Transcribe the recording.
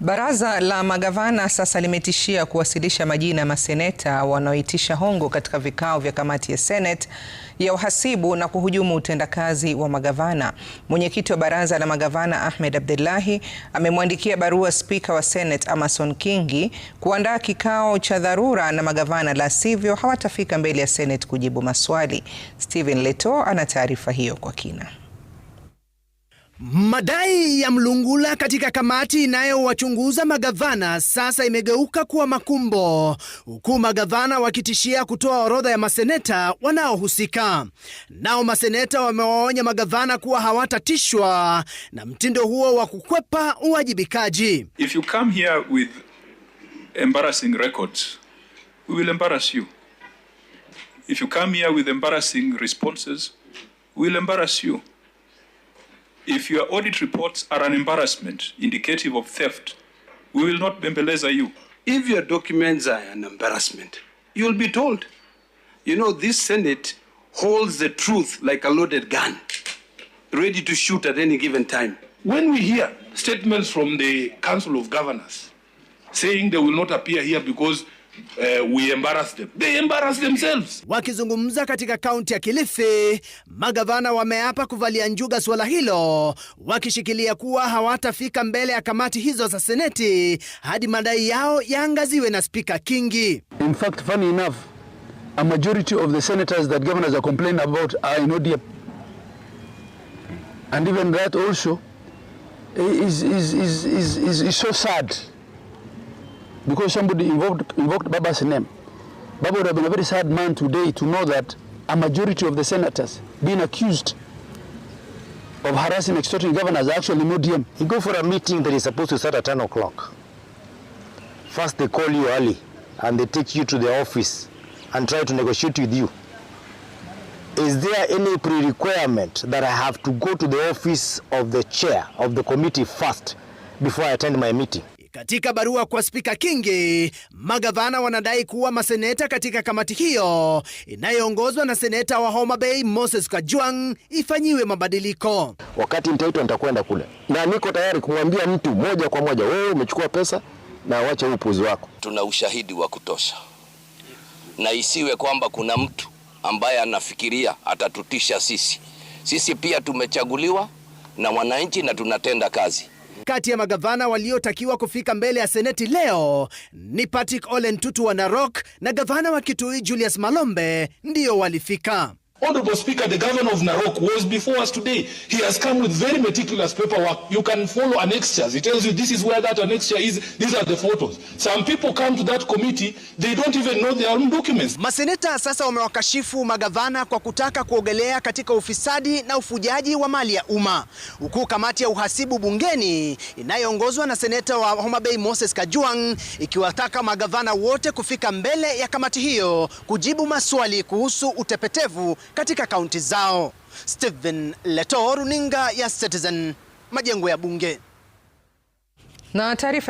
Baraza la magavana sasa limetishia kuwasilisha majina ya maseneta wanaoitisha hongo katika vikao vya kamati ya Senate ya uhasibu na kuhujumu utendakazi wa magavana. Mwenyekiti wa baraza la magavana Ahmed Abdullahi amemwandikia barua spika wa Senate Amason Kingi kuandaa kikao cha dharura na magavana, la sivyo hawatafika mbele ya Senate kujibu maswali. Stephen Leto ana taarifa hiyo kwa kina. Madai ya Mlungula katika kamati inayowachunguza magavana sasa imegeuka kuwa makumbo, huku magavana wakitishia kutoa orodha ya maseneta wanaohusika. Nao maseneta wamewaonya magavana kuwa hawatatishwa na mtindo huo wa kukwepa uwajibikaji. If you come here with embarrassing records, we will embarrass you. If you come here with embarrassing responses, we will embarrass you. If your audit reports are an embarrassment indicative of theft, we will not bembeleza you. If your documents are an embarrassment, you'll be told. You know, this Senate holds the truth like a loaded gun, ready to shoot at any given time. When we hear statements from the Council of Governors saying they will not appear here because Eh, Wakizungumza katika kaunti ya Kilifi, magavana wameapa kuvalia njuga suala hilo, wakishikilia kuwa hawatafika mbele ya kamati hizo za seneti hadi madai yao yaangaziwe na Spika Kingi. In fact, funny enough, a majority of the senators that governors are complaining about are in ODM. And even that also is, is, is, is, is, is so sad because somebody invoked, invoked Baba's name. Baba would have been a very sad man today to know that a majority of the senators being accused of harassing extorting governors are actually no DM. You go for a meeting that is supposed to start at 10 o'clock. First they call you early and they take you to their office and try to negotiate with you. Is there any pre-requirement that I have to go to the office of the chair of the committee first before I attend my meeting? Katika barua kwa Spika Kingi, magavana wanadai kuwa maseneta katika kamati hiyo inayoongozwa na seneta wa Homa Bay Moses Kajwang' ifanyiwe mabadiliko. Wakati nitaitwa nitakwenda kule na niko tayari kumwambia mtu moja kwa moja, wewe umechukua pesa na wacha upuzi wako. Tuna ushahidi wa kutosha, na isiwe kwamba kuna mtu ambaye anafikiria atatutisha sisi. Sisi pia tumechaguliwa na wananchi na tunatenda kazi. Kati ya magavana waliotakiwa kufika mbele ya seneti leo ni Patrick Ole Ntutu wa Narok na gavana wa Kitui Julius Malombe ndio walifika. Honorable Speaker, the governor of Narok was before us today. He has come with very meticulous paperwork. You can follow annexures. He tells you this is where that annexure is. These are the photos. Some people come to that committee, they don't even know their own documents. Maseneta sasa wamewakashifu magavana kwa kutaka kuogelea katika ufisadi na ufujaji wa mali ya umma. Huku kamati ya uhasibu bungeni inayoongozwa na seneta wa Homa Bay Moses Kajwang' ikiwataka magavana wote kufika mbele ya kamati hiyo kujibu maswali kuhusu utepetevu katika kaunti zao. Stephen Leto, runinga ya Citizen, majengo ya bunge na taarifa